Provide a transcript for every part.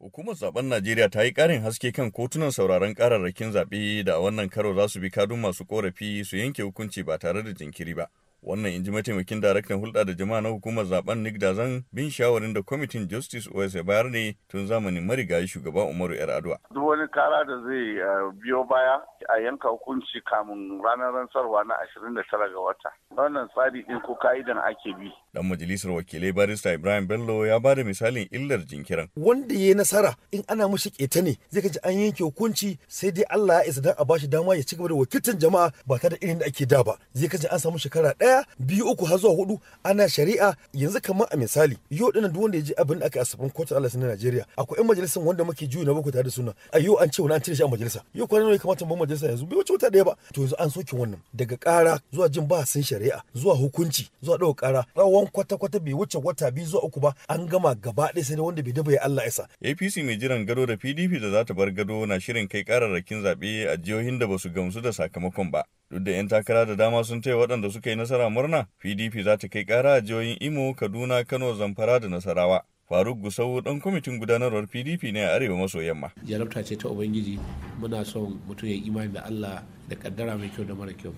Hukumar zaben Najeriya ta yi ƙarin haske kan kotunan sauraron kararrakin zaɓe da a wannan karo za su bi kadun masu ƙorafi su yanke hukunci ba tare da jinkiri ba. wannan in ji mataimakin daraktan hulɗa da jama'a na hukumar zaben nick dazan bin shawarin da kwamitin justice os ya bayar ne tun zamanin marigayi shugaba umaru yar adua duk wani kara da zai eh, biyo baya a yanka hukunci kamun ranar rantsarwa na ashirin 29 ga wata wannan tsari din ko ka'idan ake bi dan majalisar wakilai barista ibrahim bello ya ba da misalin illar jinkirin wanda ya nasara in ana mashi keta ne zai kaji an yanke hukunci sai dai allah ya isa dan a bashi dama ya ci gaba da wakiltar jama'a ba tare da irin da ake da ba zai kaji an samu shekara ɗaya ɗaya biyu uku har zuwa hudu ana shari'a yanzu kamar a misali yau ɗin duk wanda ya je abin da aka asabin kotun Allah na Najeriya akwai 'yan majalisar wanda muke juyi na bakwai tare da suna a yau an ce wani an cire shi a majalisa yau kwanan ne kamata mu majalisa yanzu bai wuce wata ɗaya ba to yanzu an soke wannan daga ƙara zuwa jin ba sun shari'a zuwa hukunci zuwa ɗaga ƙara rawan kwata-kwata bai wuce wata biyu zuwa uku ba an gama gaba ɗaya sai wanda bai daba ya Allah isa. APC mai jiran gado da PDP da za ta bar gado na shirin kai kararrakin zaɓe a jihohin da ba su gamsu da sakamakon ba. duk da 'yan takara da dama sun taya waɗanda suka yi nasara murna pdp za ta kai ƙara a jihohin imo kaduna kano zamfara da nasarawa faruk gusau ɗan kwamitin gudanarwar pdp ne a arewa maso yamma jarabta ce ta ubangiji muna son mutum ya imani da allah da kaddara mai kyau da mara kyau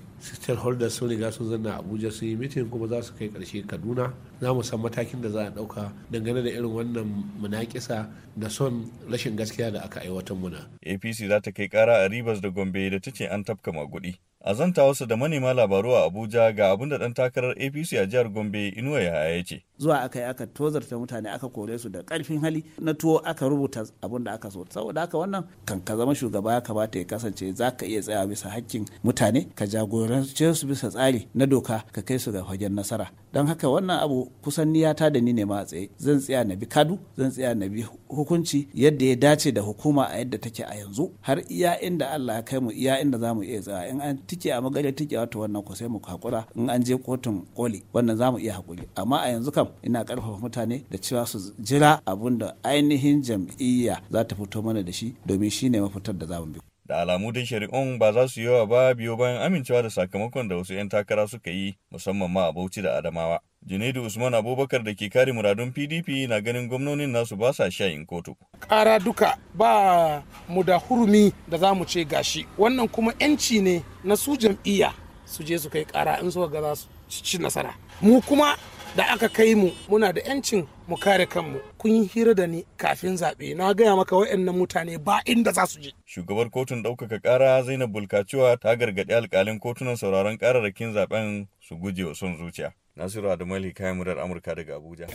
holders sun riga sun zanna abuja sun yi mitin kuma za su kai karshe kaduna za mu san matakin da za a ɗauka dangane da irin wannan munakisa da son rashin gaskiya da aka aiwatar muna apc za ta kai kara a ribas da gombe da ta ce an tafka maguɗi a wasu da manema labaru a abuja ga abin da dan takarar apc a jihar gombe inuwa ya ya ce zuwa aka yi aka tozarta mutane aka kore su da karfin hali na tuwo aka rubuta abin da aka so saboda haka wannan kan ka zama shugaba ya kamata ya kasance za ka iya tsaya bisa hakkin mutane ka jagorance su bisa tsari na doka ka kai su ga fagen nasara don haka wannan abu kusan ni ya ta da ni ne ma a tsaye zan tsaya na bi kadu zan tsaya na bi hukunci yadda ya dace da hukuma a yadda take a yanzu har iya inda Allah ya kai mu iya inda za mu iya tsaya in an tike a magana tike wata wannan ku sai mu hakura in an je kotun koli wannan za mu iya hakuri amma a yanzu kam ina karfafa mutane da cewa su jira abun da ainihin jam'iyya za ta fito mana da shi domin shi ne mafitar da za mu bi da alamu din shari'un ba za su yawa ba biyo bayan amincewa da sakamakon da wasu 'yan takara suka yi musamman ma a Bauchi da Adamawa Junaidu Usman Abubakar da ke kare muradun PDP na ganin gwamnonin nasu ba sa shayin kotu. Kara duka ba mu da hurumi da za mu ce gashi. Wannan kuma 'yanci ne na su jam'iyya su je su kai kara in suka ga za su ci nasara. Mu kuma da aka kai mu muna da 'yancin mu kare kanmu kun yi hira da ni kafin zaɓe na gaya maka waɗannan mutane ba inda za su je. shugabar kotun ɗaukaka ƙara zainab bulkacewa ta gargaɗi alƙalin kotunan sauraron ƙararrakin zaɓen su guje wa son zuciya. Nasiru Adamali kayan murar Amurka daga Abuja.